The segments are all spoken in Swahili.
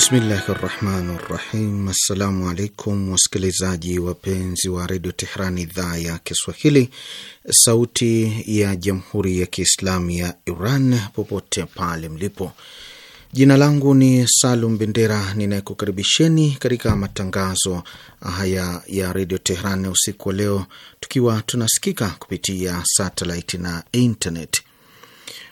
Bismillahi rahmani rahim. Assalamu alaikum wasikilizaji wapenzi wa redio Tehran, idhaa ya Kiswahili, sauti ya jamhuri ya kiislamu ya Iran, popote pale mlipo. Jina langu ni Salum Bendera ninayekukaribisheni katika matangazo haya ya redio Tehran usiku wa leo, tukiwa tunasikika kupitia satelit na internet.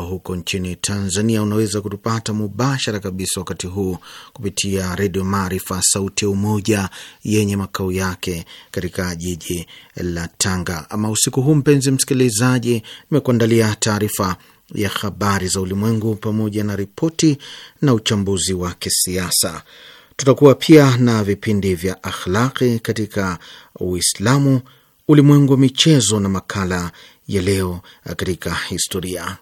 huko nchini Tanzania unaweza kutupata mubashara kabisa wakati huu kupitia Redio Maarifa Sauti ya Umoja yenye makao yake katika jiji la Tanga. Ama usiku huu, mpenzi msikilizaji, nimekuandalia taarifa ya habari za ulimwengu pamoja na ripoti na uchambuzi wa kisiasa. Tutakuwa pia na vipindi vya akhlaqi katika Uislamu, ulimwengu wa michezo na makala ya leo katika historia.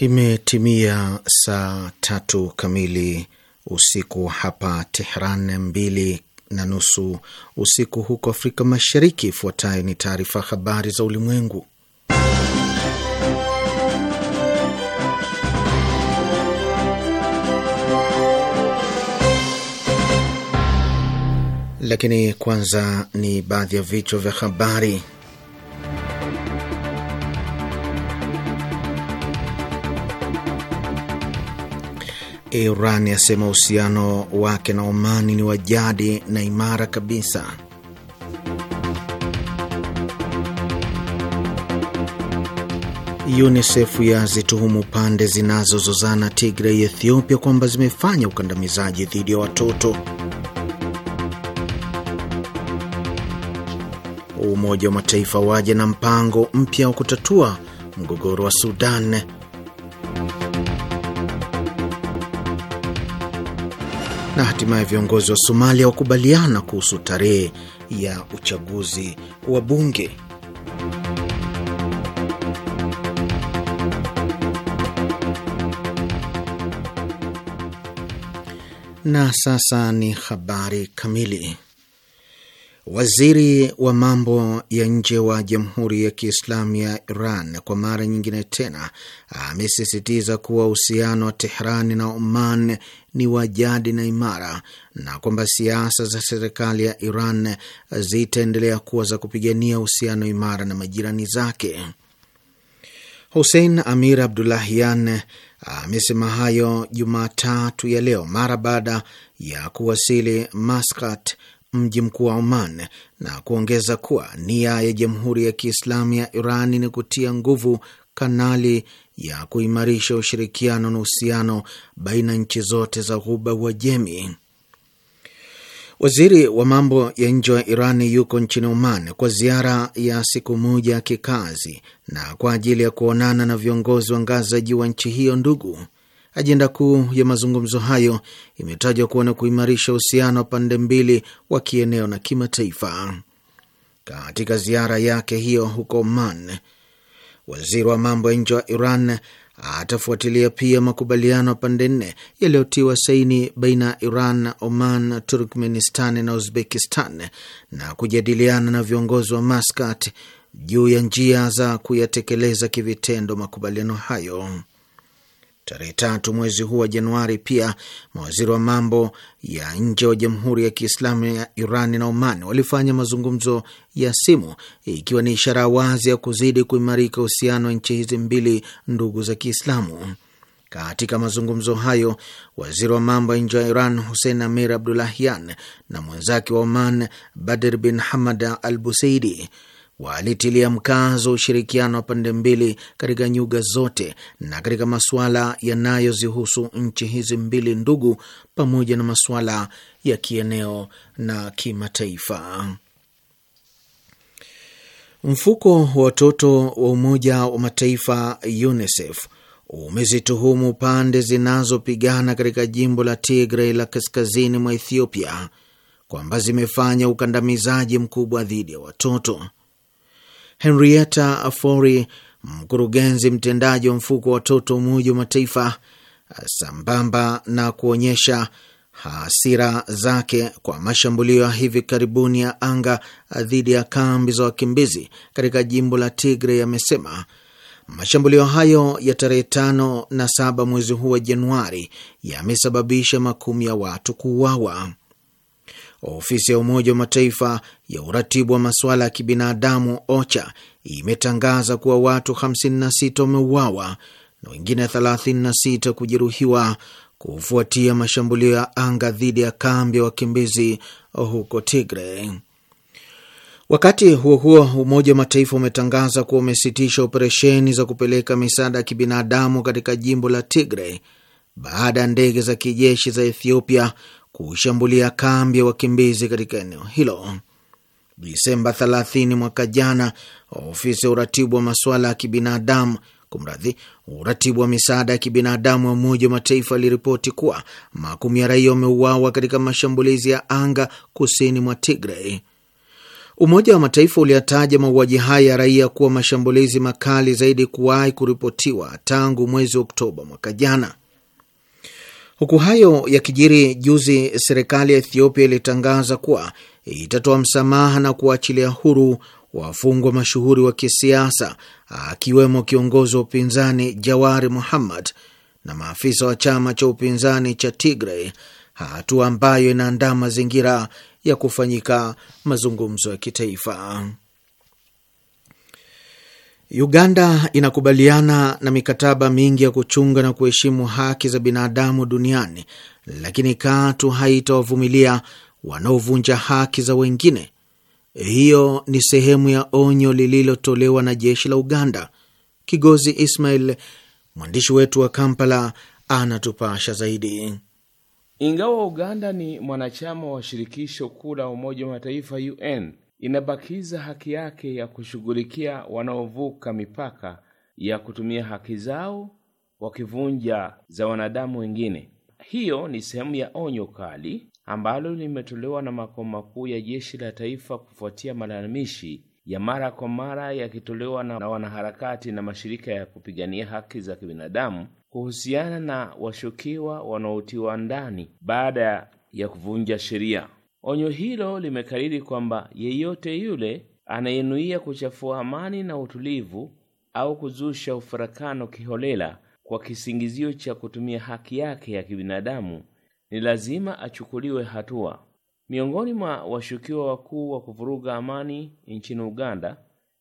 Imetimia saa tatu kamili usiku hapa Tehran, mbili na nusu usiku huko Afrika Mashariki. Ifuatayo ni taarifa habari za ulimwengu, lakini kwanza ni baadhi ya vichwa vya habari. Iran yasema uhusiano wake na Omani ni wa jadi na imara kabisa. UNICEF yazituhumu pande zinazozozana Tigray, Ethiopia kwamba zimefanya ukandamizaji dhidi ya watoto. Umoja wa Mataifa waje na mpango mpya wa kutatua mgogoro wa Sudan. na hatimaye viongozi wa Somalia wakubaliana kuhusu tarehe ya uchaguzi wa bunge. Na sasa ni habari kamili. Waziri wa mambo ya nje wa Jamhuri ya Kiislamu ya Iran kwa mara nyingine tena amesisitiza kuwa uhusiano wa Tehrani na Oman ni wa jadi na imara na kwamba siasa za serikali ya Iran zitaendelea kuwa za kupigania uhusiano imara na majirani zake. Hussein Amir Abdullahian amesema hayo Jumatatu ya leo mara baada ya kuwasili Maskat mji mkuu wa Oman na kuongeza kuwa nia ya Jamhuri ya Kiislamu ya Iran ni kutia nguvu kanali ya kuimarisha ushirikiano na uhusiano baina ya nchi zote za Ghuba Uajemi. Waziri wa mambo ya nje wa iran yuko nchini Oman kwa ziara ya siku moja ya kikazi na kwa ajili ya kuonana na viongozi wa ngazi za juu wa nchi hiyo ndugu Ajenda kuu ya mazungumzo hayo imetajwa kuwa na kuimarisha uhusiano wa pande mbili wa kieneo na kimataifa. Katika ziara yake hiyo huko Oman, waziri wa mambo ya nje wa Iran atafuatilia pia makubaliano ya pande nne yaliyotiwa saini baina ya Iran, Oman, Turkmenistan na Uzbekistan na kujadiliana na viongozi wa Maskat juu ya njia za kuyatekeleza kivitendo makubaliano hayo. Tarehe tatu mwezi huu wa Januari, pia mawaziri wa mambo ya nje wa Jamhuri ya Kiislamu ya Iran na Oman walifanya mazungumzo ya simu, ikiwa ni ishara wazi ya kuzidi kuimarika uhusiano wa nchi hizi mbili ndugu za Kiislamu. Katika mazungumzo hayo waziri wa mambo ya nje wa Iran Hussein Amir Abdulahian na mwenzake wa Oman Badr bin Hamad Al Buseidi walitilia mkazo ushirikiano wa pande mbili katika nyuga zote na katika masuala yanayozihusu nchi hizi mbili ndugu, pamoja na masuala ya kieneo na kimataifa. Mfuko wa watoto wa Umoja wa Mataifa UNICEF umezituhumu pande zinazopigana katika jimbo la Tigray la kaskazini mwa Ethiopia kwamba zimefanya ukandamizaji mkubwa dhidi ya watoto. Henrietta Afori, mkurugenzi mtendaji wa mfuko wa watoto Umoja wa Mataifa, sambamba na kuonyesha hasira zake kwa mashambulio ya hivi karibuni ya anga dhidi ya kambi za wakimbizi katika jimbo la tigre amesema mashambulio hayo ya tarehe tano na saba mwezi huu wa Januari yamesababisha makumi ya watu kuuawa. Ofisi ya Umoja wa Mataifa ya uratibu wa masuala ya kibinadamu OCHA imetangaza kuwa watu 56 wameuawa na wengine 36 kujeruhiwa kufuatia mashambulio ya anga dhidi ya kambi ya wakimbizi huko Tigre. Wakati huo huo, Umoja wa Mataifa umetangaza kuwa umesitisha operesheni za kupeleka misaada ya kibinadamu katika jimbo la tigre baada ya ndege za kijeshi za Ethiopia kushambulia kambi ya wakimbizi katika eneo hilo. Disemba 30 mwaka jana, ofisi ya uratibu wa masuala ya kibinadamu Kumradhi, uratibu wa misaada ya kibinadamu wa Umoja wa Mataifa aliripoti kuwa makumi ya raia wameuawa katika mashambulizi ya anga kusini mwa Tigray. Umoja wa Mataifa uliyataja mauaji haya ya raia kuwa mashambulizi makali zaidi kuwahi kuripotiwa tangu mwezi Oktoba mwaka jana. Huku hayo yakijiri, juzi serikali ya Ethiopia ilitangaza kuwa itatoa msamaha na kuachilia huru wafungwa mashuhuri wa kisiasa akiwemo kiongozi wa upinzani Jawari Muhammad na maafisa wa chama cha upinzani cha Tigray, hatua ambayo inaandaa mazingira ya kufanyika mazungumzo ya kitaifa. Uganda inakubaliana na mikataba mingi ya kuchunga na kuheshimu haki za binadamu duniani, lakini katu haitawavumilia wanaovunja haki za wengine. Hiyo ni sehemu ya onyo lililotolewa na jeshi la Uganda. Kigozi Ismail, mwandishi wetu wa Kampala, anatupasha zaidi. Ingawa Uganda ni mwanachama wa shirikisho kuu la Umoja wa Mataifa, UN, inabakiza haki yake ya kushughulikia wanaovuka mipaka ya kutumia haki zao wakivunja za wanadamu wengine. Hiyo ni sehemu ya onyo kali ambalo limetolewa na makao makuu ya jeshi la taifa kufuatia malalamishi ya mara kwa mara yakitolewa na wanaharakati na mashirika ya kupigania haki za kibinadamu kuhusiana na washukiwa wanaotiwa ndani baada ya kuvunja sheria. Onyo hilo limekariri kwamba yeyote yule anayenuia kuchafua amani na utulivu au kuzusha ufarakano kiholela kwa kisingizio cha kutumia haki yake ya kibinadamu ni lazima achukuliwe hatua. Miongoni mwa washukiwa wakuu wa kuvuruga amani nchini Uganda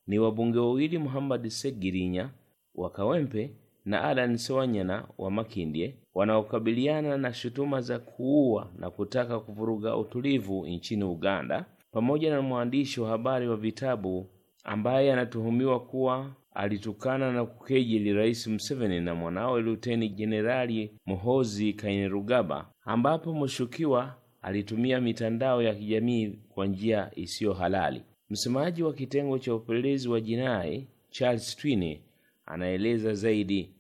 ni wabunge wawili Muhammad Segirinya wa Kawempe na Alan Sewanyana wa Makindye wanaokabiliana na shutuma za kuua na kutaka kuvuruga utulivu nchini Uganda, pamoja na mwandishi wa habari wa vitabu ambaye anatuhumiwa kuwa alitukana na kukejeli Rais Museveni na mwanawe Luteni Jenerali Muhoozi Kainerugaba, ambapo mshukiwa alitumia mitandao ya kijamii kwa njia isiyo halali. Msemaji wa kitengo cha upelelezi wa jinai Charles Twine anaeleza zaidi.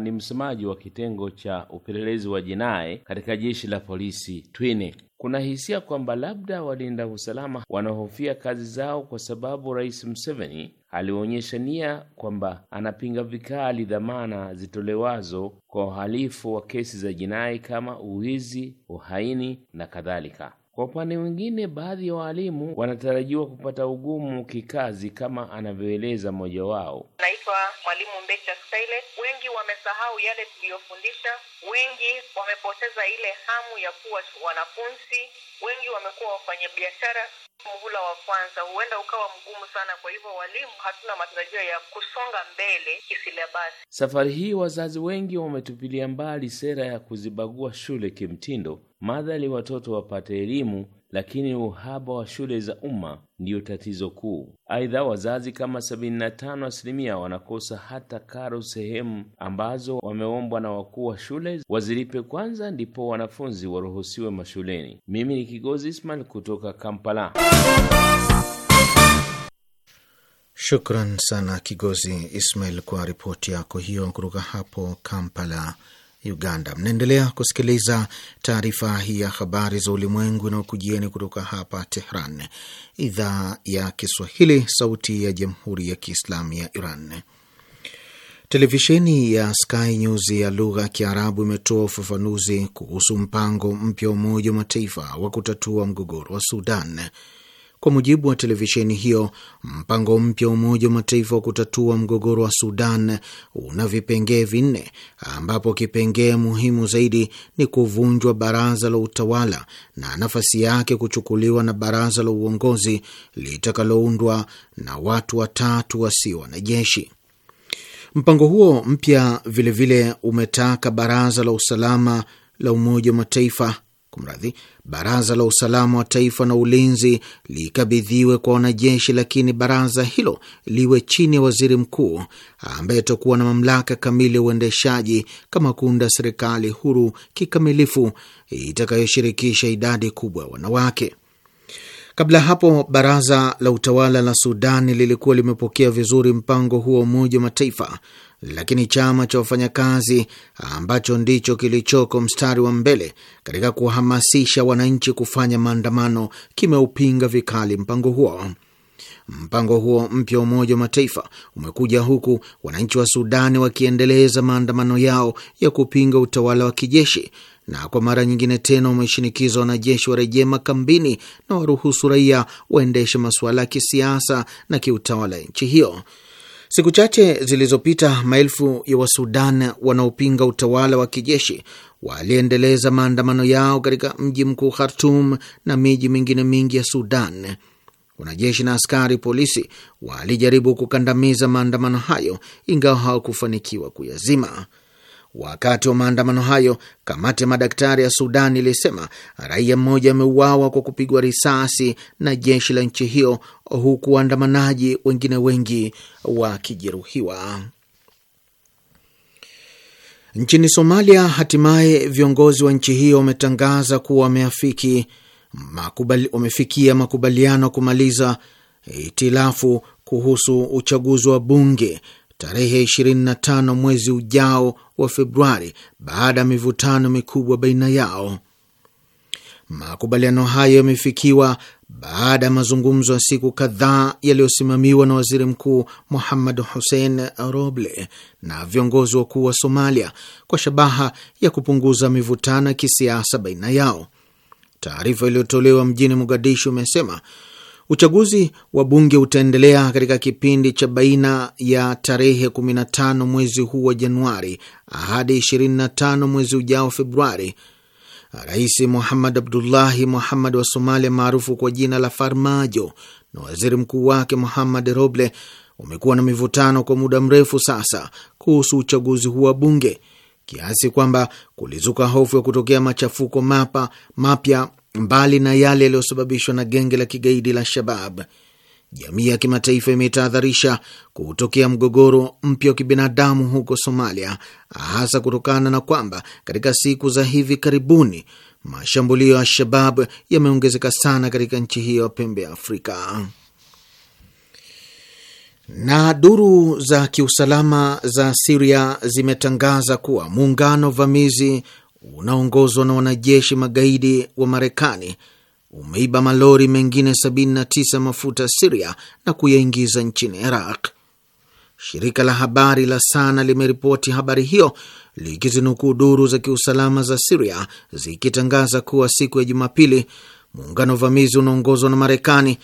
Ni msemaji wa kitengo cha upelelezi wa jinai katika jeshi la polisi Twini. Kuna hisia kwamba labda walinda usalama wanahofia kazi zao kwa sababu Rais Museveni alionyesha nia kwamba anapinga vikali dhamana zitolewazo kwa uhalifu wa kesi za jinai kama uwizi, uhaini na kadhalika. Kwa upande mwingine, baadhi ya waalimu wanatarajiwa kupata ugumu kikazi, kama anavyoeleza mmoja wao. Naitwa mwalimu Mbecha Silas. Wengi wamesahau yale tuliyofundisha wengi wamepoteza ile hamu ya kuwa wanafunzi, wengi wamekuwa wafanyabiashara. Muhula wa kwanza huenda ukawa mgumu sana, kwa hivyo walimu hatuna matarajio ya kusonga mbele kisilabasi. Safari hii wazazi wengi wametupilia mbali sera ya kuzibagua shule kimtindo, madhali watoto wapate elimu lakini uhaba wa shule za umma ndiyo tatizo kuu. Aidha, wazazi kama 75 asilimia wanakosa hata karo sehemu ambazo wameombwa na wakuu wa shule wazilipe kwanza, ndipo wanafunzi waruhusiwe mashuleni. Mimi ni Kigozi Ismail kutoka Kampala. Shukran sana Kigozi Ismail kwa ripoti yako hiyo kutoka hapo Kampala. Uganda. Mnaendelea kusikiliza taarifa hii ya habari za ulimwengu inayokujieni kutoka hapa Tehran, idhaa ya Kiswahili, sauti ya jamhuri ya kiislamu ya Iran. Televisheni ya Sky News ya lugha ya Kiarabu imetoa ufafanuzi kuhusu mpango mpya wa Umoja wa Mataifa wa kutatua mgogoro wa Sudan. Kwa mujibu wa televisheni hiyo, mpango mpya wa Umoja wa Mataifa wa kutatua mgogoro wa Sudan una vipengee vinne, ambapo kipengee muhimu zaidi ni kuvunjwa baraza la utawala na nafasi yake kuchukuliwa na baraza la uongozi litakaloundwa na watu watatu wasio wanajeshi. Mpango huo mpya vilevile umetaka baraza la usalama la Umoja wa Mataifa kumradhi, baraza la usalama wa taifa na ulinzi likabidhiwe kwa wanajeshi, lakini baraza hilo liwe chini ya waziri mkuu ambaye atakuwa na mamlaka kamili ya uendeshaji, kama kuunda serikali huru kikamilifu itakayoshirikisha idadi kubwa ya wanawake. Kabla hapo baraza la utawala la Sudani lilikuwa limepokea vizuri mpango huo wa Umoja wa Mataifa, lakini chama cha wafanyakazi ambacho ndicho kilichoko mstari wa mbele katika kuhamasisha wananchi kufanya maandamano kimeupinga vikali mpango huo. Mpango huo mpya wa Umoja wa Mataifa umekuja huku wananchi wa Sudani wakiendeleza maandamano yao ya kupinga utawala wa kijeshi na kwa mara nyingine tena wameshinikiza wanajeshi warejee makambini na waruhusu raia waendeshe masuala ya kisiasa na kiutawala ya nchi hiyo. Siku chache zilizopita, maelfu ya Wasudan wanaopinga utawala wa kijeshi waliendeleza maandamano yao katika mji mkuu Khartum na miji mingine mingi ya Sudan. Wanajeshi na askari polisi walijaribu kukandamiza maandamano hayo, ingawa hawakufanikiwa kuyazima. Wakati wa maandamano hayo, kamati ya madaktari ya Sudan ilisema raia mmoja ameuawa kwa kupigwa risasi na jeshi la nchi hiyo, huku waandamanaji wengine wengi wakijeruhiwa. Nchini Somalia, hatimaye viongozi wa nchi hiyo wametangaza kuwa wameafiki makubali, wamefikia makubaliano kumaliza itilafu kuhusu uchaguzi wa bunge tarehe 25 mwezi ujao wa Februari baada ya mivutano mikubwa baina yao. Makubaliano hayo yamefikiwa baada ya mazungumzo ya siku kadhaa yaliyosimamiwa na waziri mkuu Muhammad Hussein Roble na viongozi wakuu wa Somalia kwa shabaha ya kupunguza mivutano ya kisiasa baina yao. Taarifa iliyotolewa mjini Mogadishu imesema Uchaguzi wa bunge utaendelea katika kipindi cha baina ya tarehe 15 mwezi huu wa Januari hadi 25 mwezi ujao Februari. Rais Muhammad Abdullahi Muhammad wa Somalia maarufu kwa jina la Farmajo na waziri mkuu wake Muhammad Roble wamekuwa na mivutano kwa muda mrefu sasa kuhusu uchaguzi huu wa bunge kiasi kwamba kulizuka hofu ya kutokea machafuko mapya Mbali na yale yaliyosababishwa na genge la kigaidi la Shabab, jamii ya kimataifa imetahadharisha kutokea mgogoro mpya wa kibinadamu huko Somalia, hasa kutokana na kwamba katika siku za hivi karibuni mashambulio ya Shabab yameongezeka sana katika nchi hiyo ya pembe ya Afrika. Na duru za kiusalama za Siria zimetangaza kuwa muungano vamizi unaoongozwa na wanajeshi magaidi wa Marekani umeiba malori mengine 79 mafuta Siria na kuyaingiza nchini Iraq. Shirika la habari la Sana limeripoti habari hiyo likizinukuu duru za kiusalama za Siria zikitangaza kuwa siku ya Jumapili muungano wa vamizi unaongozwa na Marekani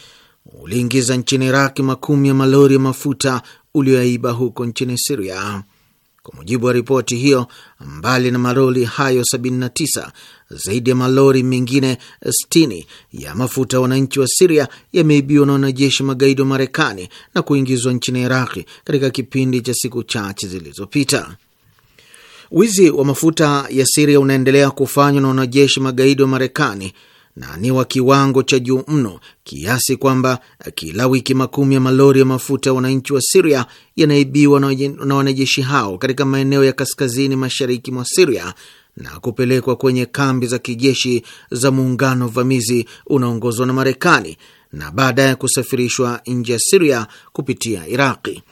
uliingiza nchini Iraq makumi ya malori ya mafuta ulioyaiba huko nchini Siria. Kwa mujibu wa ripoti hiyo, mbali na malori hayo 79 zaidi ya malori mengine 60 ya mafuta wananchi wa Siria yameibiwa na wanajeshi magaidi wa Marekani na kuingizwa nchini Iraqi katika kipindi cha siku chache zilizopita. Wizi wa mafuta ya Siria unaendelea kufanywa na wanajeshi magaidi wa Marekani na ni wa kiwango cha juu mno kiasi kwamba kila wiki makumi ya malori ya mafuta ya wananchi wa Siria yanaibiwa na wanajeshi hao katika maeneo ya kaskazini mashariki mwa Siria na kupelekwa kwenye kambi za kijeshi za muungano vamizi unaongozwa na Marekani na baadaye kusafirishwa nje ya Siria kupitia Iraqi.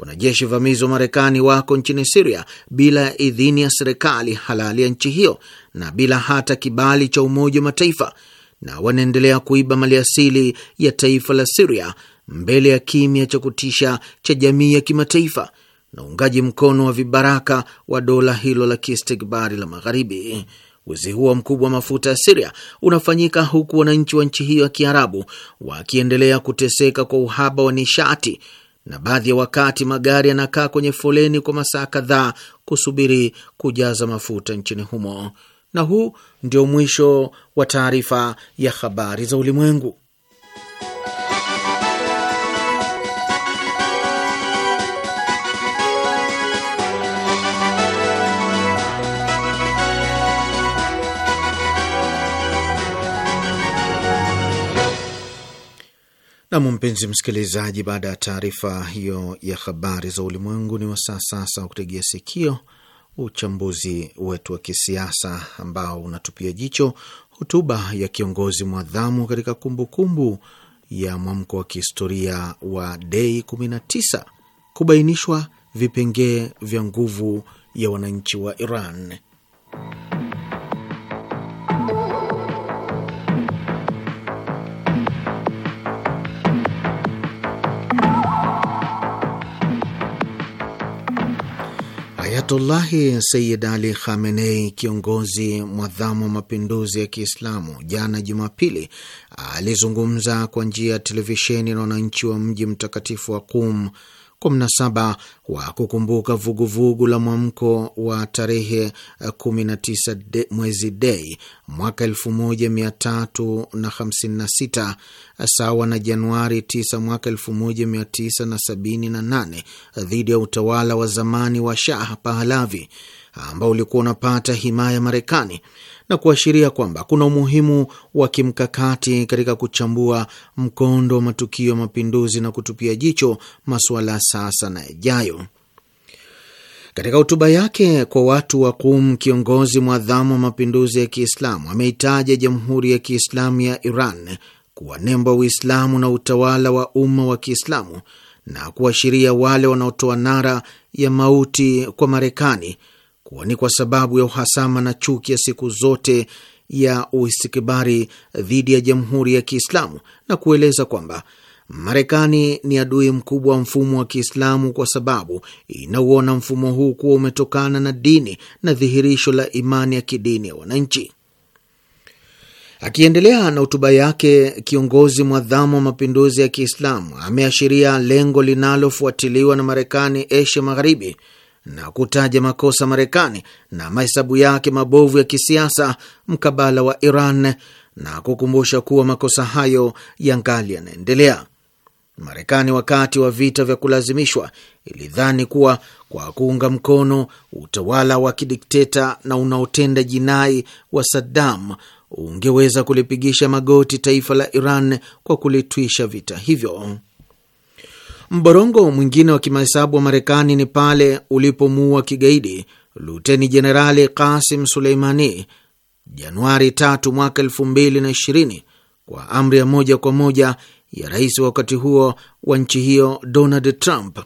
Wanajeshi vamizi wa Marekani wako nchini Siria bila ya idhini ya serikali halali ya nchi hiyo na bila hata kibali cha Umoja wa Mataifa, na wanaendelea kuiba maliasili ya taifa la Siria mbele ya kimya cha kutisha cha jamii ya kimataifa na uungaji mkono wa vibaraka wa dola hilo la kiistikbari la Magharibi. Wizi huo mkubwa wa mafuta ya Siria unafanyika huku wananchi wa nchi hiyo ya Kiarabu wakiendelea kuteseka kwa uhaba wa nishati na baadhi ya wakati magari yanakaa kwenye foleni kwa masaa kadhaa kusubiri kujaza mafuta nchini humo. Na huu ndio mwisho wa taarifa ya habari za ulimwengu. Nam, mpenzi msikilizaji, baada ya taarifa hiyo ya habari za ulimwengu, ni wasaa sasa wa kutegea sikio uchambuzi wetu wa kisiasa ambao unatupia jicho hotuba ya kiongozi mwadhamu katika kumbukumbu ya mwamko wa kihistoria wa Dei 19 kubainishwa vipengee vya nguvu ya wananchi wa Iran. Ayatullahi Sayid Ali Khamenei, kiongozi mwadhamu wa mapinduzi ya Kiislamu, jana Jumapili alizungumza kwa njia ya televisheni na wananchi wa mji mtakatifu wa Qum kwa mnasaba wa kukumbuka vuguvugu la mwamko wa tarehe 19 de, mwezi Dei mwaka 1356 sawa na Januari 9 mwaka 1978 dhidi ya utawala wa zamani wa Shah Pahalavi ambao ulikuwa unapata himaya Marekani na kuashiria kwamba kuna umuhimu wa kimkakati katika kuchambua mkondo wa matukio ya mapinduzi na kutupia jicho masuala sasa na yajayo. Katika hotuba yake kwa watu wa Qum, kiongozi mwadhamu wa mapinduzi ya Kiislamu ameitaja Jamhuri ya Kiislamu ya Iran kuwa nembo Uislamu na utawala wa umma wa Kiislamu na kuashiria wale wanaotoa nara ya mauti kwa Marekani kuwa ni kwa sababu ya uhasama na chuki ya siku zote ya uistikibari dhidi ya Jamhuri ya Kiislamu na kueleza kwamba Marekani ni adui mkubwa wa mfumo wa Kiislamu kwa sababu inauona mfumo huu kuwa umetokana na dini na dhihirisho la imani ya kidini ya wananchi. Akiendelea na hotuba yake, kiongozi mwadhamu wa mapinduzi ya Kiislamu ameashiria lengo linalofuatiliwa na Marekani Asia Magharibi na kutaja makosa Marekani na mahesabu yake mabovu ya kisiasa mkabala wa Iran na kukumbusha kuwa makosa hayo yangali yanaendelea. Marekani wakati wa vita vya kulazimishwa ilidhani kuwa kwa kuunga mkono utawala wa kidikteta na unaotenda jinai wa Saddam ungeweza kulipigisha magoti taifa la Iran kwa kulitwisha vita hivyo. Mborongo mwingine wa kimahesabu wa Marekani ni pale ulipomuua kigaidi Luteni Jenerali Kasim Suleimani Januari 3 mwaka 2020 kwa amri ya moja kwa moja ya rais wa wakati huo wa nchi hiyo Donald Trump.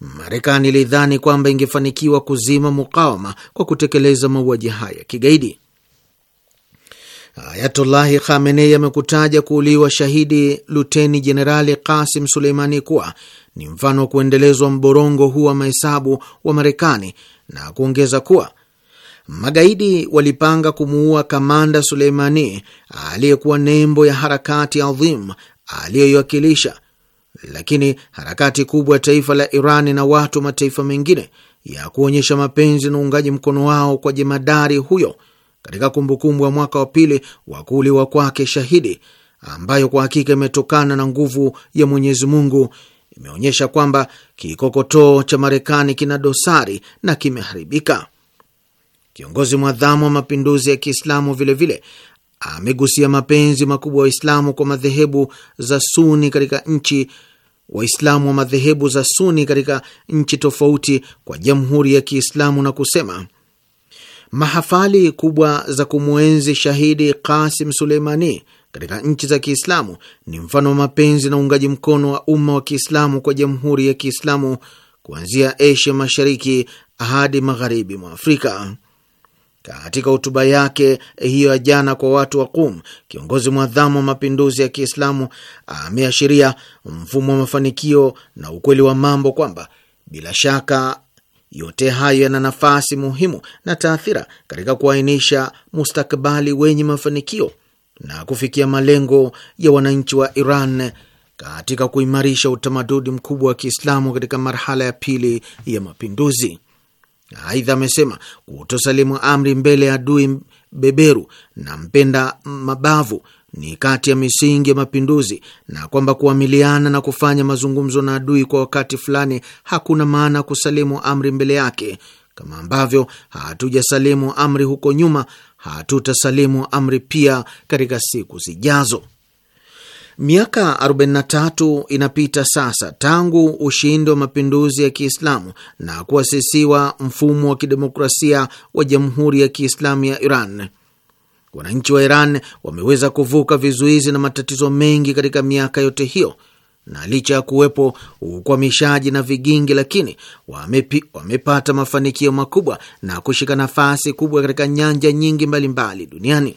Marekani ilidhani kwamba ingefanikiwa kuzima mukawama kwa kutekeleza mauaji haya ya kigaidi. Ayatullahi Khamenei amekutaja kuuliwa shahidi Luteni Jenerali Kasim Suleimani kuwa ni mfano wa kuendelezwa mborongo huu wa mahesabu wa Marekani na kuongeza kuwa magaidi walipanga kumuua kamanda Suleimani aliyekuwa nembo ya harakati adhim aliyoiwakilisha, lakini harakati kubwa ya taifa la Irani na watu mataifa mengine ya kuonyesha mapenzi na uungaji mkono wao kwa jemadari huyo katika kumbukumbu ya mwaka wa pili wa kuuliwa kwake shahidi, ambayo kwa hakika imetokana na nguvu ya Mwenyezi Mungu, imeonyesha kwamba kikokotoo cha Marekani kina dosari na kimeharibika. Kiongozi mwadhamu wa mapinduzi ya Kiislamu vilevile amegusia mapenzi makubwa ya Waislamu kwa madhehebu za Suni katika nchi Waislamu wa madhehebu za Suni katika nchi tofauti kwa Jamhuri ya Kiislamu na kusema Mahafali kubwa za kumwenzi shahidi kasim Suleimani katika nchi za Kiislamu ni mfano wa mapenzi na uungaji mkono wa umma wa Kiislamu kwa jamhuri ya Kiislamu kuanzia Asia Mashariki hadi magharibi mwa Afrika. Katika hotuba yake hiyo ya jana kwa watu wa Qum, kiongozi mwadhamu wa mapinduzi ya Kiislamu ameashiria mfumo wa mafanikio na ukweli wa mambo kwamba bila shaka yote hayo yana nafasi muhimu na taathira katika kuainisha mustakabali wenye mafanikio na kufikia malengo ya wananchi wa Iran katika kuimarisha utamaduni mkubwa wa Kiislamu katika marhala ya pili ya mapinduzi. Aidha, amesema kutosalimu amri mbele ya adui beberu na mpenda mabavu ni kati ya misingi ya mapinduzi na kwamba kuamiliana na kufanya mazungumzo na adui kwa wakati fulani hakuna maana ya kusalimu amri mbele yake, kama ambavyo hatujasalimu amri huko nyuma, hatutasalimu amri pia katika siku zijazo. Miaka 43 inapita sasa tangu ushindi wa mapinduzi ya Kiislamu na kuasisiwa mfumo wa kidemokrasia wa Jamhuri ya Kiislamu ya Iran. Wananchi wa Iran wameweza kuvuka vizuizi na matatizo mengi katika miaka yote hiyo, na licha ya kuwepo ukwamishaji na vigingi, lakini wamepi, wamepata mafanikio makubwa na kushika nafasi kubwa katika nyanja nyingi mbalimbali mbali duniani.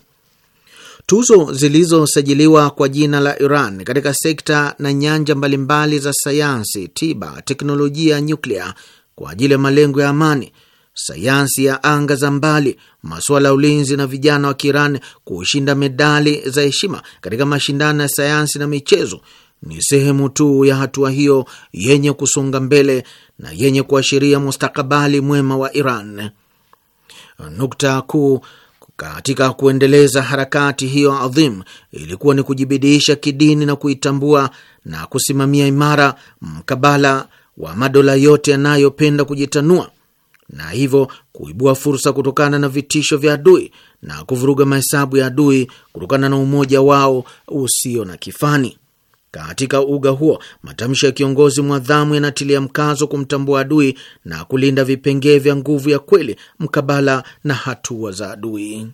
Tuzo zilizosajiliwa kwa jina la Iran katika sekta na nyanja mbalimbali mbali za sayansi, tiba, teknolojia ya nyuklia kwa ajili ya malengo ya amani sayansi ya anga za mbali, masuala ya ulinzi na vijana wa Kiirani kushinda medali za heshima katika mashindano ya sayansi na michezo ni sehemu tu ya hatua hiyo yenye kusonga mbele na yenye kuashiria mustakabali mwema wa Iran. Nukta kuu katika kuendeleza harakati hiyo adhim ilikuwa ni kujibidiisha kidini na kuitambua na kusimamia imara mkabala wa madola yote yanayopenda kujitanua na hivyo kuibua fursa kutokana na vitisho vya adui na kuvuruga mahesabu ya adui kutokana na umoja wao usio na kifani. Katika uga huo, matamshi ya kiongozi mwadhamu yanatilia mkazo kumtambua adui na kulinda vipengee vya nguvu ya kweli mkabala na hatua za adui.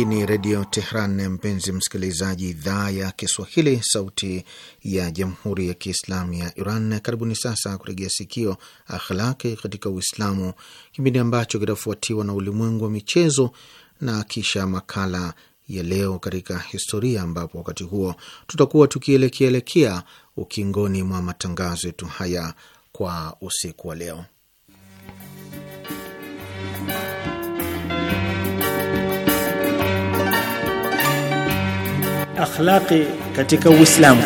Hii ni Redio Tehran, mpenzi msikilizaji, idhaa ya Kiswahili, sauti ya jamhuri ya Kiislamu ya Iran. Karibuni sasa kuregea sikio Akhlaki katika Uislamu, kipindi ambacho kitafuatiwa na ulimwengu wa michezo na kisha makala ya leo katika historia, ambapo wakati huo tutakuwa tukielekeelekea ukingoni mwa matangazo yetu haya kwa usiku wa leo. akhlaqi katika Uislamu.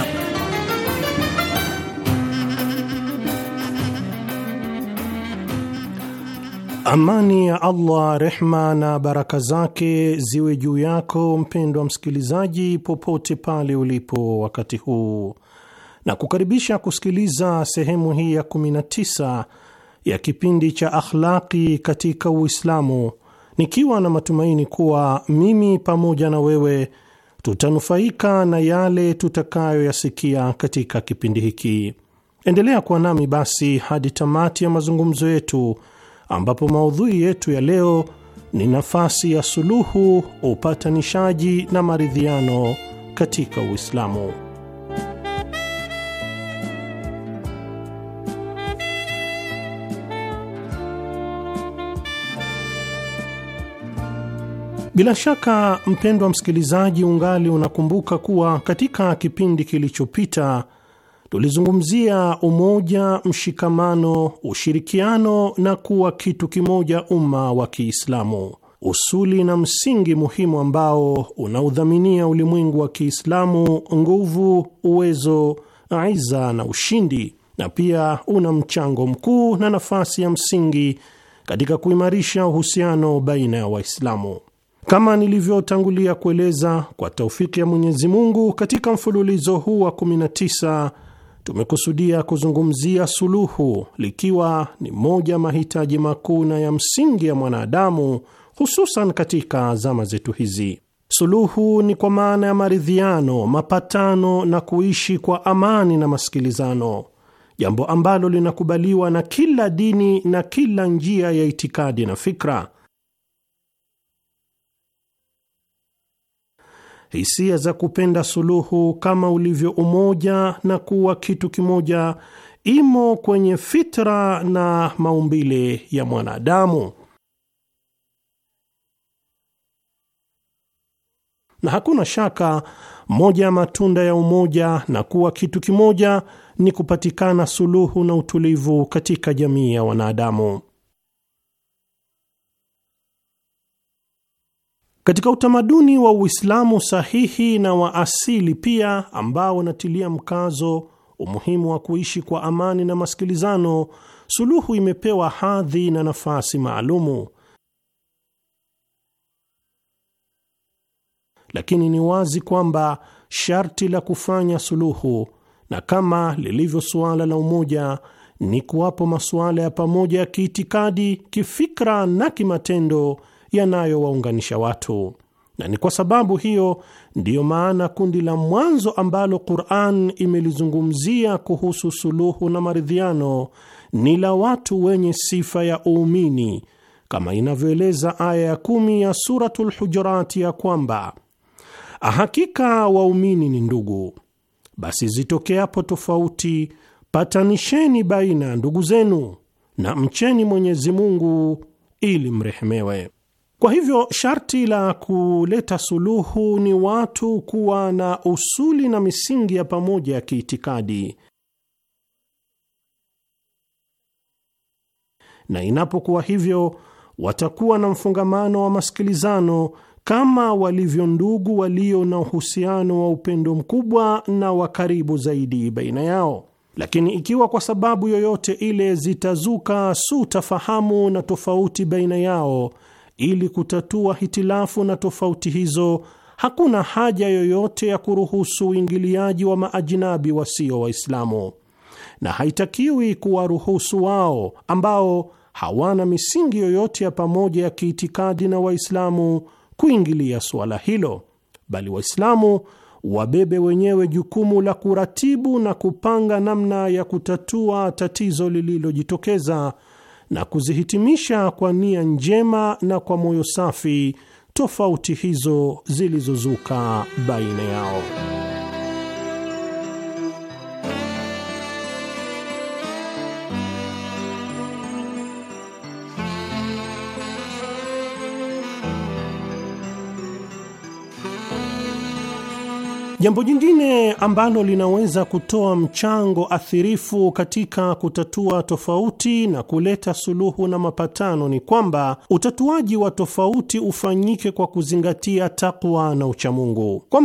Amani ya Allah, rehma na baraka zake ziwe juu yako mpendwa msikilizaji, popote pale ulipo wakati huu, na kukaribisha kusikiliza sehemu hii ya 19 ya kipindi cha akhlaqi katika Uislamu, nikiwa na matumaini kuwa mimi pamoja na wewe tutanufaika na yale tutakayoyasikia katika kipindi hiki. Endelea kuwa nami basi hadi tamati ya mazungumzo yetu, ambapo maudhui yetu ya leo ni nafasi ya suluhu, upatanishaji na maridhiano katika Uislamu. Bila shaka mpendwa msikilizaji, ungali unakumbuka kuwa katika kipindi kilichopita tulizungumzia umoja, mshikamano, ushirikiano na kuwa kitu kimoja umma wa Kiislamu, usuli na msingi muhimu ambao unaudhaminia ulimwengu wa Kiislamu nguvu, uwezo, aiza na ushindi, na pia una mchango mkuu na nafasi ya msingi katika kuimarisha uhusiano baina ya Waislamu. Kama nilivyotangulia kueleza, kwa taufiki ya Mwenyezi Mungu, katika mfululizo huu wa 19 tumekusudia kuzungumzia suluhu, likiwa ni moja mahitaji makuu na ya msingi ya mwanadamu, hususan katika zama zetu hizi. Suluhu ni kwa maana ya maridhiano, mapatano na kuishi kwa amani na masikilizano, jambo ambalo linakubaliwa na kila dini na kila njia ya itikadi na fikra hisia za kupenda suluhu kama ulivyo umoja na kuwa kitu kimoja imo kwenye fitra na maumbile ya mwanadamu, na hakuna shaka moja ya matunda ya umoja na kuwa kitu kimoja ni kupatikana suluhu na utulivu katika jamii ya wanadamu. Katika utamaduni wa Uislamu sahihi na wa asili pia, ambao unatilia mkazo umuhimu wa kuishi kwa amani na masikilizano, suluhu imepewa hadhi na nafasi maalumu. Lakini ni wazi kwamba sharti la kufanya suluhu, na kama lilivyo suala la umoja, ni kuwapo masuala ya pamoja ya kiitikadi, kifikra na kimatendo yanayowaunganisha watu, na ni kwa sababu hiyo ndiyo maana kundi la mwanzo ambalo Qur'an imelizungumzia kuhusu suluhu na maridhiano ni la watu wenye sifa ya uumini, kama inavyoeleza aya ya kumi ya Suratul Hujurat ya kwamba hakika waumini ni ndugu, basi zitokeapo tofauti patanisheni baina ya ndugu zenu na mcheni Mwenyezi Mungu ili mrehemewe. Kwa hivyo sharti la kuleta suluhu ni watu kuwa na usuli na misingi ya pamoja ya kiitikadi, na inapokuwa hivyo watakuwa na mfungamano wa masikilizano kama walivyo ndugu walio na uhusiano wa upendo mkubwa na wa karibu zaidi baina yao. Lakini ikiwa kwa sababu yoyote ile zitazuka su tafahamu na tofauti baina yao ili kutatua hitilafu na tofauti hizo, hakuna haja yoyote ya kuruhusu uingiliaji wa maajinabi wasio Waislamu, na haitakiwi kuwaruhusu wao ambao hawana misingi yoyote ya pamoja ya kiitikadi na Waislamu kuingilia suala hilo, bali Waislamu wabebe wenyewe jukumu la kuratibu na kupanga namna ya kutatua tatizo lililojitokeza na kuzihitimisha kwa nia njema na kwa moyo safi tofauti hizo zilizozuka baina yao. Jambo jingine ambalo linaweza kutoa mchango athirifu katika kutatua tofauti na kuleta suluhu na mapatano ni kwamba utatuaji wa tofauti ufanyike kwa kuzingatia takwa na uchamungu, kwa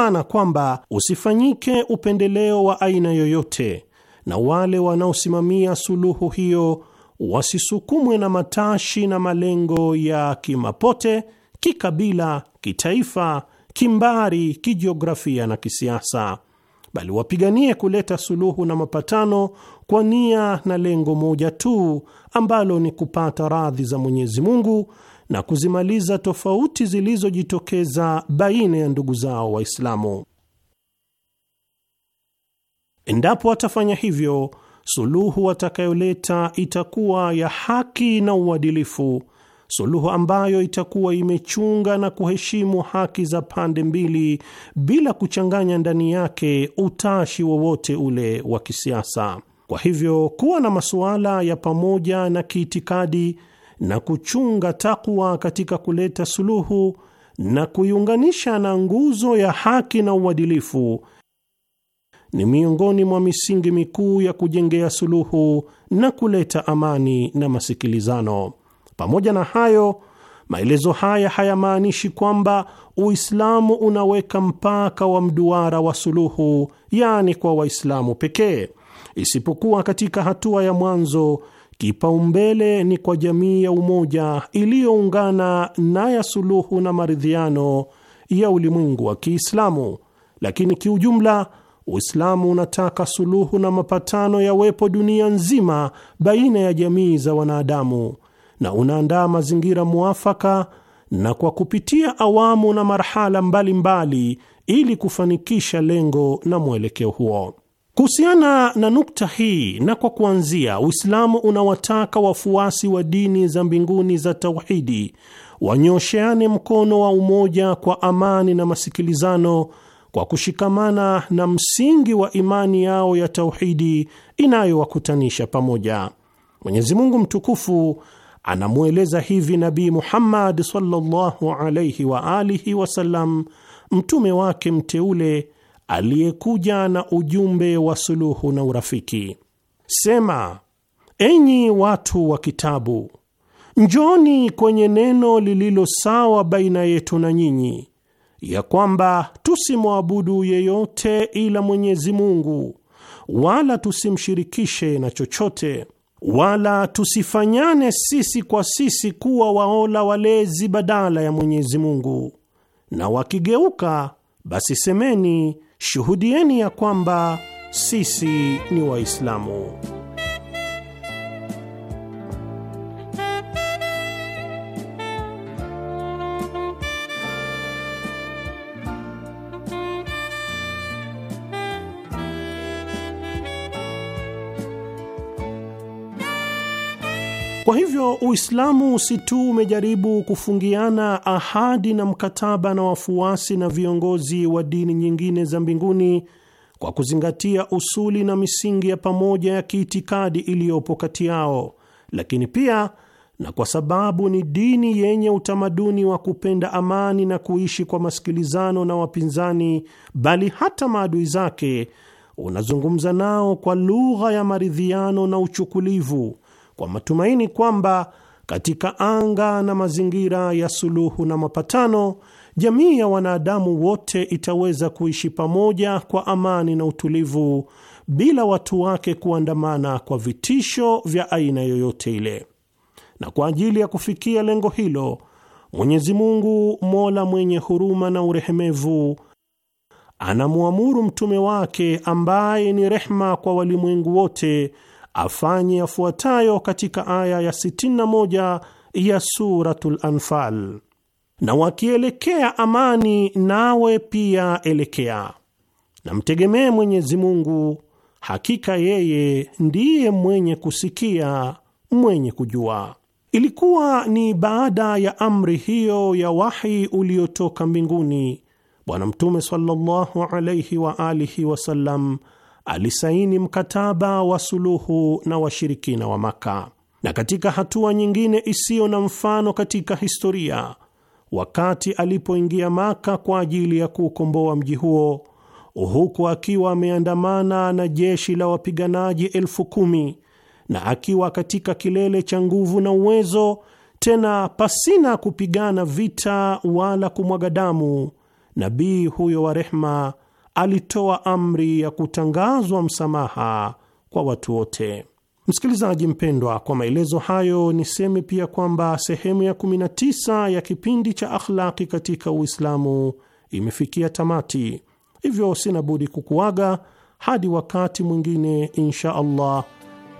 maana kwamba usifanyike upendeleo wa aina yoyote, na wale wanaosimamia suluhu hiyo wasisukumwe na matashi na malengo ya kimapote, kikabila, kitaifa kimbari, kijiografia na kisiasa, bali wapiganie kuleta suluhu na mapatano kwa nia na lengo moja tu ambalo ni kupata radhi za Mwenyezi Mungu na kuzimaliza tofauti zilizojitokeza baina ya ndugu zao Waislamu. Endapo watafanya hivyo, suluhu watakayoleta itakuwa ya haki na uadilifu suluhu ambayo itakuwa imechunga na kuheshimu haki za pande mbili bila kuchanganya ndani yake utashi wowote ule wa kisiasa. Kwa hivyo kuwa na masuala ya pamoja na kiitikadi na kuchunga takwa katika kuleta suluhu na kuiunganisha na nguzo ya haki na uadilifu ni miongoni mwa misingi mikuu ya kujengea suluhu na kuleta amani na masikilizano. Pamoja na hayo, maelezo haya hayamaanishi kwamba Uislamu unaweka mpaka wa mduara wa suluhu, yaani kwa Waislamu pekee, isipokuwa katika hatua ya mwanzo kipaumbele ni kwa jamii ya umoja iliyoungana na ya suluhu na maridhiano ya ulimwengu wa Kiislamu. Lakini kiujumla, Uislamu unataka suluhu na mapatano yawepo dunia nzima baina ya jamii za wanadamu na unaandaa mazingira muafaka na kwa kupitia awamu na marhala mbalimbali mbali, ili kufanikisha lengo na mwelekeo huo. Kuhusiana na nukta hii, na kwa kuanzia, Uislamu unawataka wafuasi wa dini za mbinguni za tauhidi wanyosheane mkono wa umoja kwa amani na masikilizano kwa kushikamana na msingi wa imani yao ya tauhidi inayowakutanisha pamoja. Mwenyezi Mungu mtukufu anamweleza hivi Nabii Muhammad sallallahu alayhi wa alihi wasallam, mtume wake mteule aliyekuja na ujumbe wa suluhu na urafiki: Sema, enyi watu wa Kitabu, njoni kwenye neno lililo sawa baina yetu na nyinyi, ya kwamba tusimwabudu yeyote ila Mwenyezi Mungu, wala tusimshirikishe na chochote wala tusifanyane sisi kwa sisi kuwa waola walezi badala ya Mwenyezi Mungu, na wakigeuka basi semeni, shuhudieni ya kwamba sisi ni Waislamu. Kwa hivyo Uislamu si tu umejaribu kufungiana ahadi na mkataba na wafuasi na viongozi wa dini nyingine za mbinguni kwa kuzingatia usuli na misingi ya pamoja ya kiitikadi iliyopo kati yao, lakini pia na kwa sababu ni dini yenye utamaduni wa kupenda amani na kuishi kwa masikilizano na wapinzani, bali hata maadui zake, unazungumza nao kwa lugha ya maridhiano na uchukulivu kwa matumaini kwamba katika anga na mazingira ya suluhu na mapatano, jamii ya wanadamu wote itaweza kuishi pamoja kwa amani na utulivu bila watu wake kuandamana kwa vitisho vya aina yoyote ile. Na kwa ajili ya kufikia lengo hilo, Mwenyezi Mungu Mola mwenye huruma na urehemevu anamwamuru mtume wake ambaye ni rehma kwa walimwengu wote afanye yafuatayo katika aya ya 61 ya Suratul Anfal: na wakielekea amani, nawe pia elekea, na mtegemee Mwenyezi Mungu, hakika yeye ndiye mwenye kusikia, mwenye kujua. Ilikuwa ni baada ya amri hiyo ya wahi uliotoka mbinguni, Bwana Mtume sallallahu alayhi wa alihi wasallam alisaini mkataba wa suluhu na washirikina wa Maka. Na katika hatua nyingine isiyo na mfano katika historia, wakati alipoingia Maka kwa ajili ya kuukomboa mji huo, huku akiwa ameandamana na jeshi la wapiganaji elfu kumi na akiwa katika kilele cha nguvu na uwezo, tena pasina kupigana vita wala kumwaga damu, nabii huyo wa rehma alitoa amri ya kutangazwa msamaha kwa watu wote. Msikilizaji mpendwa, kwa maelezo hayo niseme pia kwamba sehemu ya 19 ya kipindi cha akhlaki katika Uislamu imefikia tamati, hivyo sina budi kukuaga hadi wakati mwingine insha Allah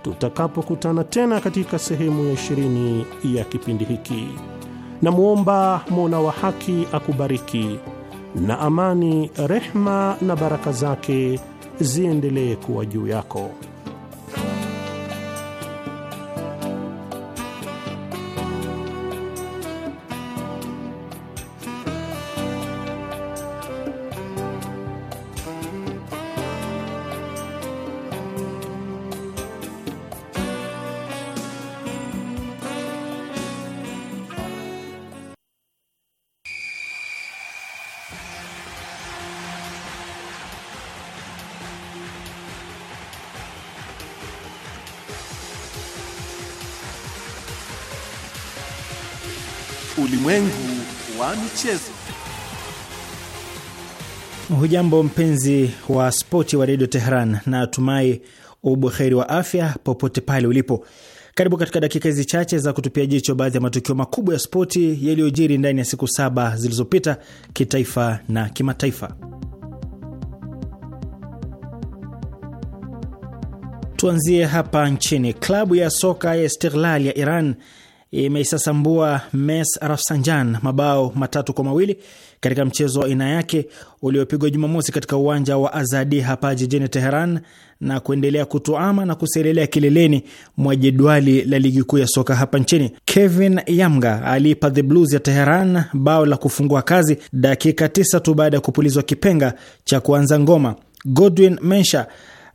tutakapokutana tena katika sehemu ya 20 ya kipindi hiki. Namwomba Mola wa haki akubariki na amani, rehma na baraka zake ziendelee kuwa juu yako. Hujambo mpenzi wa spoti wa redio Tehran, na atumai ubuheri wa afya popote pale ulipo. Karibu katika dakika hizi chache za kutupia jicho baadhi ya matukio makubwa ya spoti yaliyojiri ndani ya siku saba zilizopita kitaifa na kimataifa. Tuanzie hapa nchini. Klabu ya soka ya Istiklal ya Iran imeisasambua Mes Rafsanjan mabao matatu kwa mawili katika mchezo wa aina yake uliopigwa Jumamosi katika uwanja wa Azadi hapa jijini Teheran na kuendelea kutuama na kuselelea kileleni mwa jedwali la ligi kuu ya soka hapa nchini. Kevin Yamga aliipa The Blues ya Teheran bao la kufungua kazi dakika tisa tu baada ya kupulizwa kipenga cha kuanza ngoma. Godwin Mensha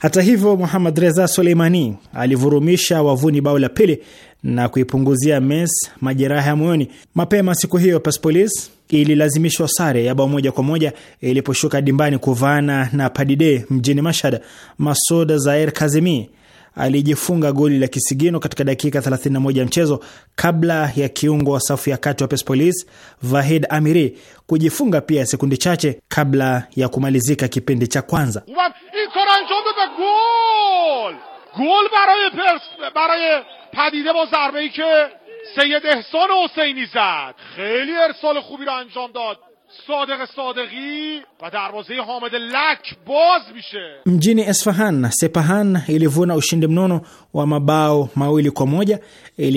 Hata hivyo, muhamad Reza Soleimani alivurumisha wavuni bao la pili na kuipunguzia Mes majeraha ya moyoni. Mapema siku hiyo, Persepolis ililazimishwa sare ya bao moja kwa moja iliposhuka dimbani kuvaana na Padide mjini Mashhad. Masoda Zair Kazemi alijifunga goli la kisigino katika dakika 31 ya mchezo kabla ya kiungo wa safu ya kati wa Persepolis Vahid Amiri kujifunga pia sekundi chache kabla ya kumalizika kipindi cha kwanza. What? انجام داد و گل گل برای پرس برای پدیده با ضربه ای که سید احسان حسینی زد خیلی ارسال خوبی رو انجام داد صادق صادقی و دروازه حامد لک باز میشه مجین اصفهان سپهان ilivuna و mnono و مباو mawili kwa moja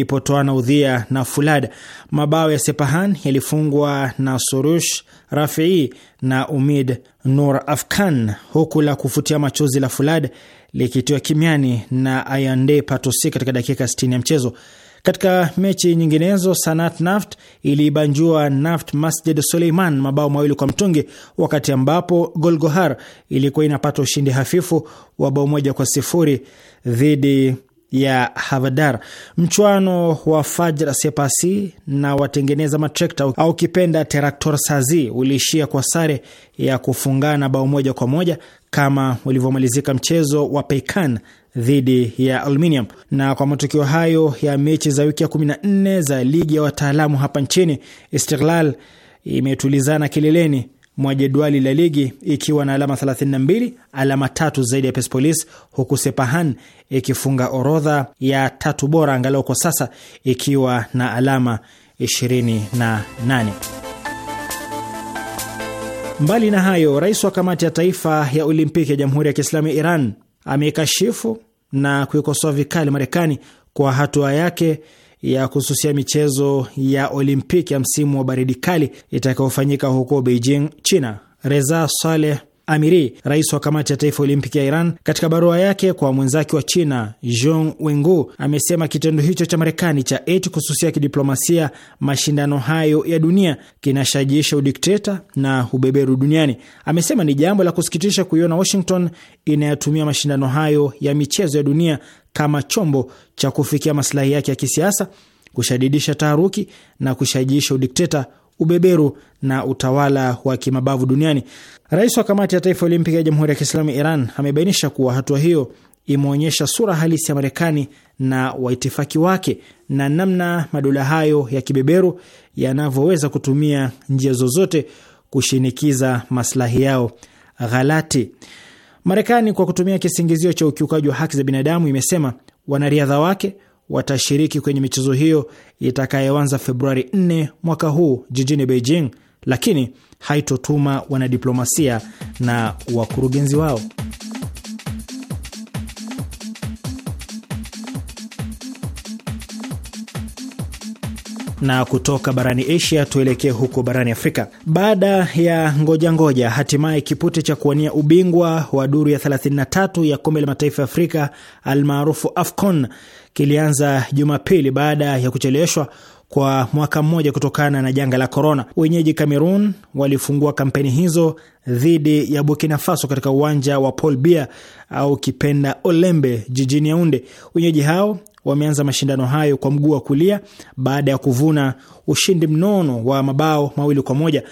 پتوانا udhia na نفولاد Mabao ya Sepahan yalifungwa na Surush Rafii na Umid Nur Afkan, huku la kufutia machozi la Fulad likitiwa kimiani na Ayande Patosi katika dakika 60 ya mchezo. Katika mechi nyinginezo, Sanat Naft iliibanjua Naft Masjid Suleiman mabao mawili kwa mtungi, wakati ambapo Golgohar ilikuwa inapata ushindi hafifu wa bao moja kwa sifuri dhidi ya Havadar. Mchwano wa Fajr Sepasi na watengeneza matrekta au kipenda Teraktor Sazi uliishia kwa sare ya kufungana bao moja kwa moja kama ulivyomalizika mchezo wa Peikan dhidi ya Aluminium. Na kwa matukio hayo ya mechi za wiki ya 14 za ligi ya wataalamu hapa nchini, Istiklal imetulizana kileleni mwa jedwali la ligi ikiwa na alama 32, alama tatu zaidi ya Persepolis, huku Sepahan ikifunga orodha ya tatu bora angalau kwa sasa ikiwa na alama 28. Mbali na hayo, rais wa kamati ya taifa ya Olimpiki ya Jamhuri ya Kiislamu ya Iran ameikashifu na kuikosoa vikali Marekani kwa hatua yake ya kususia michezo ya Olimpiki ya msimu wa baridi kali itakayofanyika huko Beijing, China. Reza Saleh Amiri, rais wa kamati ya taifa olimpiki ya Iran, katika barua yake kwa mwenzake wa China Zhong Wengu, amesema kitendo hicho cha Marekani cha eti kususia kidiplomasia mashindano hayo ya dunia kinashajiisha udikteta na ubeberu duniani. Amesema ni jambo la kusikitisha kuiona Washington inayotumia mashindano hayo ya michezo ya dunia kama chombo cha kufikia masilahi yake ya kisiasa, kushadidisha taharuki na kushajiisha udikteta ubeberu na utawala wa kimabavu duniani. Rais wa kamati ya taifa olimpiki ya jamhuri ya Kiislamu Iran amebainisha kuwa hatua hiyo imeonyesha sura halisi ya Marekani na waitifaki wake na namna madola hayo ya kibeberu yanavyoweza kutumia njia zozote kushinikiza maslahi yao ghalati. Marekani kwa kutumia kisingizio cha ukiukaji wa haki za binadamu imesema wanariadha wake watashiriki kwenye michezo hiyo itakayoanza Februari 4 mwaka huu jijini Beijing, lakini haitotuma wanadiplomasia na wakurugenzi wao. na kutoka barani Asia tuelekee huko barani Afrika. Baada ya ngoja ngoja, hatimaye kipute cha kuwania ubingwa wa duru ya 33 ya kombe la mataifa ya Afrika almaarufu AFCON kilianza Jumapili baada ya kucheleweshwa kwa mwaka mmoja kutokana na janga la korona. Wenyeji Cameroon walifungua kampeni hizo dhidi ya Burkina Faso katika uwanja wa Paul bia au kipenda Olembe jijini Yaunde. Wenyeji hao wameanza mashindano hayo kwa mguu wa kulia baada ya kuvuna ushindi mnono wa mabao mawili kwa moja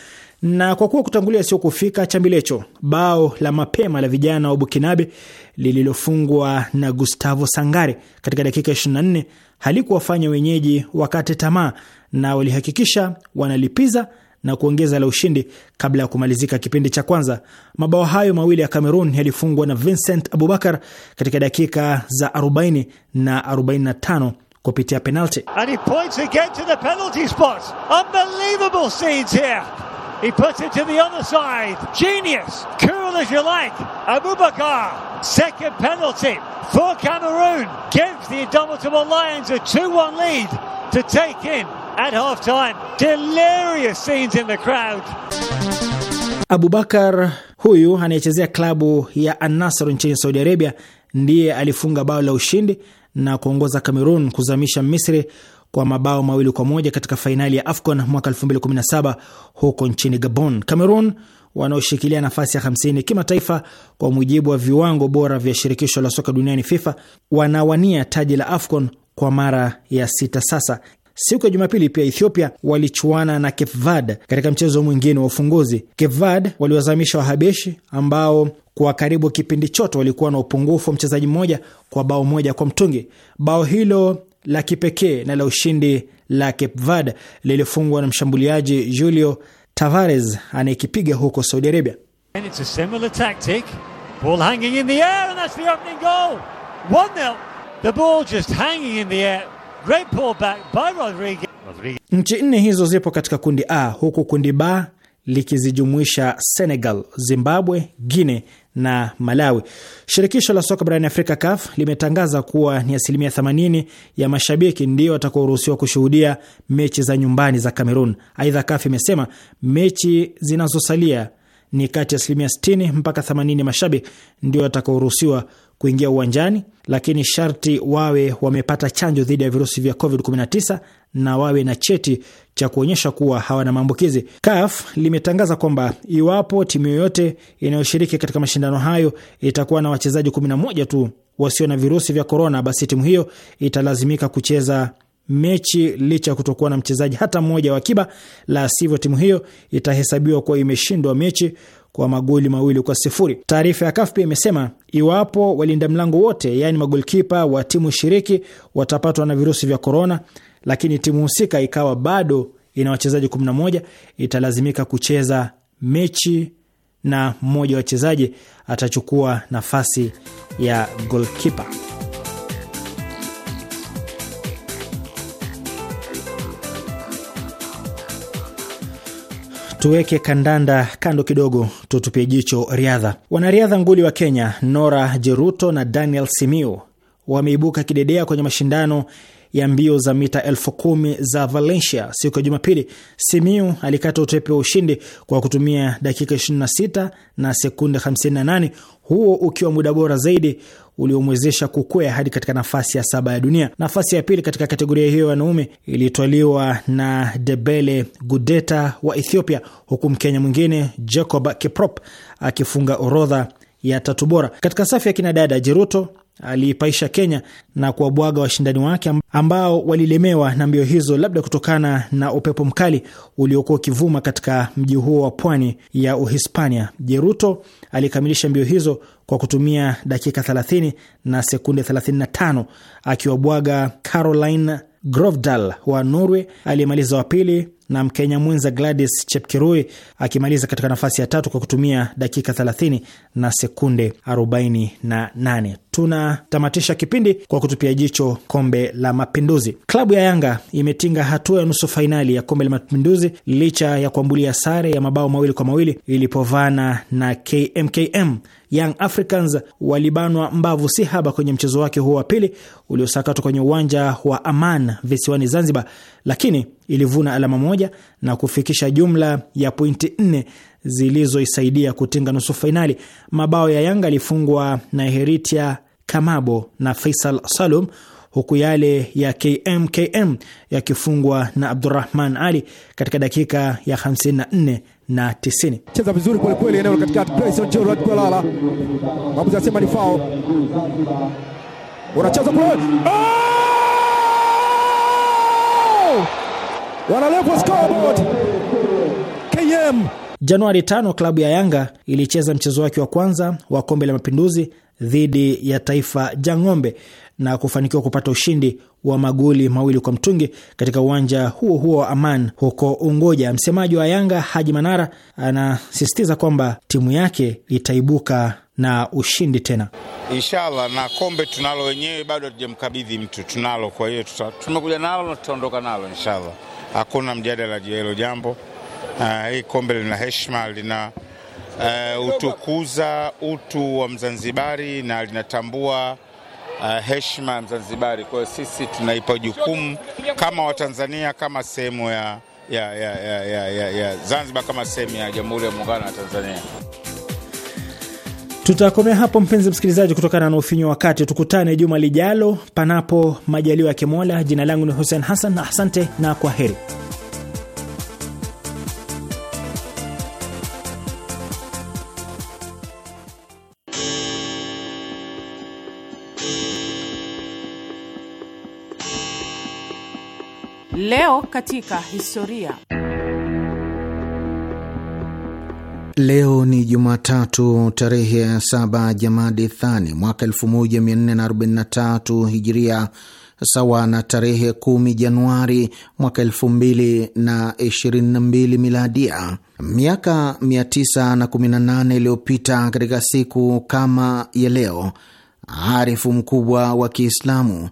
na kwa kuwa kutangulia sio kufika, chambilecho bao la mapema la vijana wa Bukinabe lililofungwa na Gustavo Sangare katika dakika 24 halikuwafanya wenyeji wakate tamaa, na walihakikisha wanalipiza na kuongeza la ushindi kabla ya kumalizika kipindi cha kwanza. Mabao hayo mawili ya Cameroon yalifungwa na Vincent Abubakar katika dakika za 40 na 45 kupitia he points again to the penalty. spot unbelievable scenes here He puts it to the other side. Genius. Cool as you like. Abubakar. Second penalty for Cameroon. Gives the Indomitable Lions a 2-1 lead to take in at half time. Delirious scenes in the crowd. Abubakar huyu anayechezea klabu ya Anasar nchini Saudi Arabia ndiye alifunga bao la ushindi na kuongoza Cameroon kuzamisha Misri kwa mabao mawili kwa moja katika fainali ya AFCON mwaka 2017 huko nchini Gabon. Cameroon wanaoshikilia nafasi ya 50 kimataifa kwa mujibu wa viwango bora vya shirikisho la soka duniani FIFA, wanawania taji la AFCON kwa mara ya sita sasa. Siku ya Jumapili pia Ethiopia walichuana na Cape Verde katika mchezo mwingine wa ufunguzi. Cape Verde waliwazamisha Wahabeshi ambao kwa karibu kipindi chote walikuwa na upungufu wa mchezaji mmoja kwa bao moja kwa mtungi. Bao hilo la kipekee na la ushindi la Cape Verde lilifungwa na mshambuliaji Julio Tavares anayekipiga huko Saudi Arabia. Great by Rodriguez. Nchi nne hizo zipo katika kundi A huku kundi B likizijumuisha Senegal, Zimbabwe, Guinea na Malawi. Shirikisho la soka barani Afrika CAF limetangaza kuwa ni asilimia 80 ya mashabiki ndio watakaoruhusiwa kushuhudia mechi za nyumbani za Cameroon. Aidha, CAF imesema mechi zinazosalia ni kati ya asilimia 60 mpaka 80 ya mashabiki ndio watakaoruhusiwa kuingia uwanjani, lakini sharti wawe wamepata chanjo dhidi ya virusi vya COVID-19 na wawe na cheti cha kuonyesha kuwa hawana maambukizi. CAF limetangaza kwamba iwapo timu yoyote inayoshiriki katika mashindano hayo itakuwa na wachezaji 11 tu wasio na virusi vya korona, basi timu hiyo italazimika kucheza mechi licha ya kutokuwa na mchezaji hata mmoja wa akiba, la sivyo timu hiyo itahesabiwa kuwa imeshindwa mechi kwa magoli mawili kwa sifuri. Taarifa ya CAF pia imesema iwapo walinda mlango wote, yaani magolkipa wa timu shiriki watapatwa na virusi vya korona, lakini timu husika ikawa bado ina wachezaji 11 italazimika kucheza mechi na mmoja wa wachezaji atachukua nafasi ya golkipa. Tuweke kandanda kando kidogo, tutupie jicho riadha. Wanariadha nguli wa Kenya Nora Jeruto na Daniel Simiu wameibuka kidedea kwenye mashindano ya mbio za mita elfu kumi za Valencia siku ya Jumapili. Simiu alikata utepe wa ushindi kwa kutumia dakika 26 na sekunde 58, huo ukiwa muda bora zaidi uliomwezesha kukwea hadi katika nafasi ya saba ya dunia. Nafasi ya pili katika kategoria hiyo ya wanaume ilitwaliwa na Debele Gudeta wa Ethiopia, huku Mkenya mwingine Jacob Kiprop akifunga orodha ya tatu bora. Katika safu ya kinadada Jeruto aliipaisha Kenya na kuwabwaga washindani wake ambao walilemewa na mbio hizo, labda kutokana na upepo mkali uliokuwa ukivuma katika mji huo wa pwani ya Uhispania. Jeruto alikamilisha mbio hizo kwa kutumia dakika 30 na sekunde 35 akiwabwaga Caroline Grovdal wa Norway aliyemaliza wa pili na Mkenya mwenza Gladys Chepkirui akimaliza katika nafasi ya tatu kwa kutumia dakika 30 na sekunde 48. Tunatamatisha kipindi kwa kutupia jicho kombe la Mapinduzi. Klabu ya Yanga imetinga hatua ya nusu fainali ya kombe la Mapinduzi licha ya kuambulia sare ya mabao mawili kwa mawili ilipovana na KMKM. Young Africans walibanwa mbavu si haba kwenye mchezo wake huo wa pili uliosakatwa kwenye uwanja wa Aman visiwani Zanzibar lakini ilivuna alama moja na kufikisha jumla ya pointi nne zilizoisaidia kutinga nusu fainali. Mabao ya Yanga yalifungwa na Heritia Kamabo na Faisal Salum, huku yale ya KMKM yakifungwa na abdurahman Ali katika dakika ya 54 na 90. Cheza vizuri kwelikweli, eneo katikati, Grayson Jordan Kwalala, mabuzi asema ni fao, unacheza kule wanalipwa scoreboard KM. Januari tano klabu ya Yanga ilicheza mchezo wake wa kwanza wa kombe la mapinduzi dhidi ya Taifa Jang'ombe na kufanikiwa kupata ushindi wa magoli mawili kwa mtungi katika uwanja huo huo wa Aman huko Ungoja. Msemaji wa Yanga Haji Manara anasisitiza kwamba timu yake itaibuka na ushindi tena inshallah. Na kombe tunalo wenyewe, bado hatujamkabidhi mtu, tunalo. Kwa hiyo tumekuja nalo na tutaondoka nalo inshallah. Hakuna mjadala juu ya hilo jambo. Uh, hii kombe lina heshima, lina uh, utukuza utu wa Mzanzibari na linatambua uh, heshima ya Mzanzibari. Kwa hiyo sisi tunaipa jukumu kama Watanzania, kama sehemu ya, ya, ya, ya, ya, ya, ya Zanzibar, kama sehemu ya Jamhuri ya Muungano wa Tanzania. Tutakomea hapo mpenzi msikilizaji, kutokana na ufinyo wakati. Tukutane juma lijalo, panapo majaliwa ya Kimola. Jina langu ni Hussein Hassan, na asante na kwa heri. Leo katika historia Leo ni Jumatatu tarehe ya saba Jamadi Thani mwaka 1443 Hijiria, sawa na tarehe 10 Januari mwaka 2022 Miladia. Miaka 918 iliyopita katika siku kama ya leo, arifu mkubwa wa Kiislamu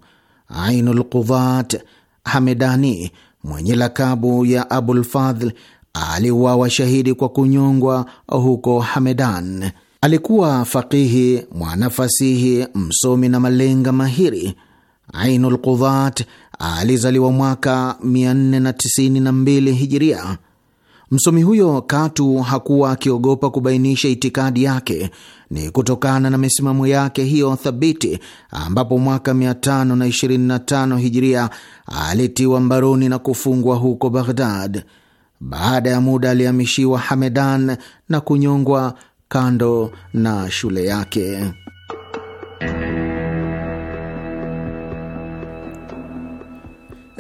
Ainul Qudhat Hamedani mwenye lakabu ya Abulfadhl aliuawa shahidi kwa kunyongwa huko Hamedan. Alikuwa faqihi, mwanafasihi, msomi na malenga mahiri. Ainul Qudhat alizaliwa mwaka 492 hijiria. Msomi huyo katu hakuwa akiogopa kubainisha itikadi yake. Ni kutokana na misimamo yake hiyo thabiti, ambapo mwaka 525 hijiria alitiwa mbaroni na kufungwa huko Baghdad. Baada ya muda alihamishiwa Hamedan na kunyongwa kando na shule yake.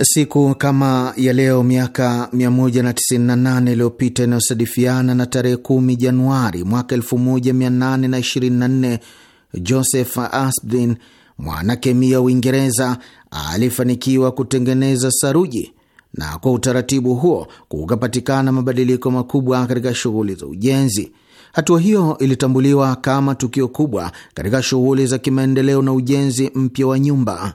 Siku kama ya leo miaka 198 iliyopita inayosadifiana na tarehe 10 Januari mwaka 1824, Joseph Aspdin, mwanakemia wa Uingereza, alifanikiwa kutengeneza saruji na kwa utaratibu huo kukapatikana mabadiliko makubwa katika shughuli za ujenzi. Hatua hiyo ilitambuliwa kama tukio kubwa katika shughuli za kimaendeleo na ujenzi mpya wa nyumba.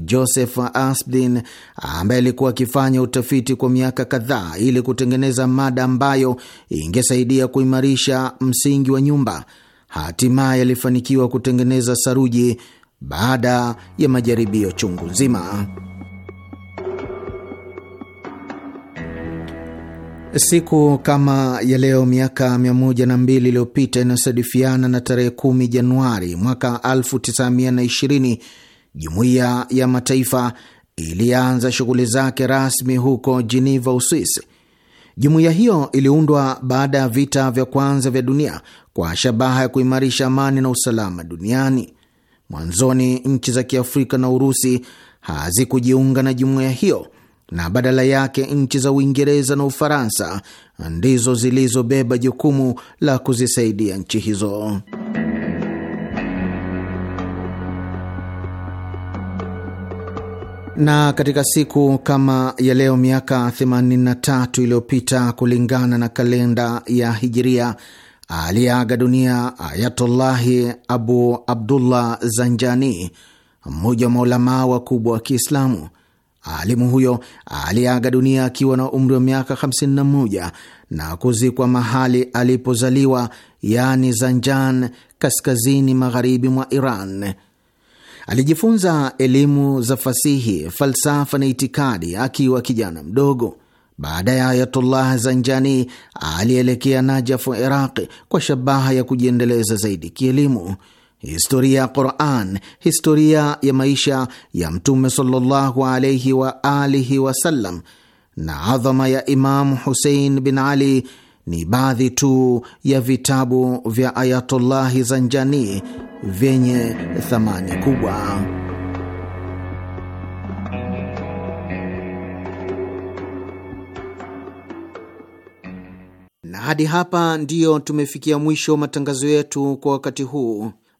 Joseph Aspdin ambaye alikuwa akifanya utafiti kwa miaka kadhaa ili kutengeneza mada ambayo ingesaidia kuimarisha msingi wa nyumba, hatimaye alifanikiwa kutengeneza saruji baada ya majaribio chungu nzima. Siku kama ya leo miaka 102 iliyopita inayosadifiana na tarehe 10 Januari mwaka 1920 Jumuiya ya Mataifa ilianza shughuli zake rasmi huko Geneva, Uswisi. Jumuiya hiyo iliundwa baada ya vita vya kwanza vya dunia kwa shabaha ya kuimarisha amani na usalama duniani. Mwanzoni nchi za Kiafrika na Urusi hazikujiunga na jumuiya hiyo na badala yake nchi za Uingereza na Ufaransa ndizo zilizobeba jukumu la kuzisaidia nchi hizo. na katika siku kama ya leo miaka 83 iliyopita kulingana na kalenda ya Hijiria, aliyeaga dunia Ayatullahi Abu Abdullah Zanjani, mmoja wa maulamaa wakubwa wa Kiislamu. Alimu huyo aliaga dunia akiwa na umri wa miaka 51 na kuzikwa mahali alipozaliwa, yani Zanjan, kaskazini magharibi mwa Iran. Alijifunza elimu za fasihi, falsafa na itikadi akiwa kijana mdogo. Baada ya Ayatullah Zanjani alielekea Najafu, Iraqi, kwa shabaha ya kujiendeleza zaidi kielimu historia ya Quran, historia ya maisha ya Mtume sallallahu alaihi wa alihi wasallam na adhama ya Imamu Husein bin Ali ni baadhi tu ya vitabu vya Ayatullahi Zanjani vyenye thamani kubwa. Na hadi hapa ndiyo tumefikia mwisho matangazo yetu kwa wakati huu.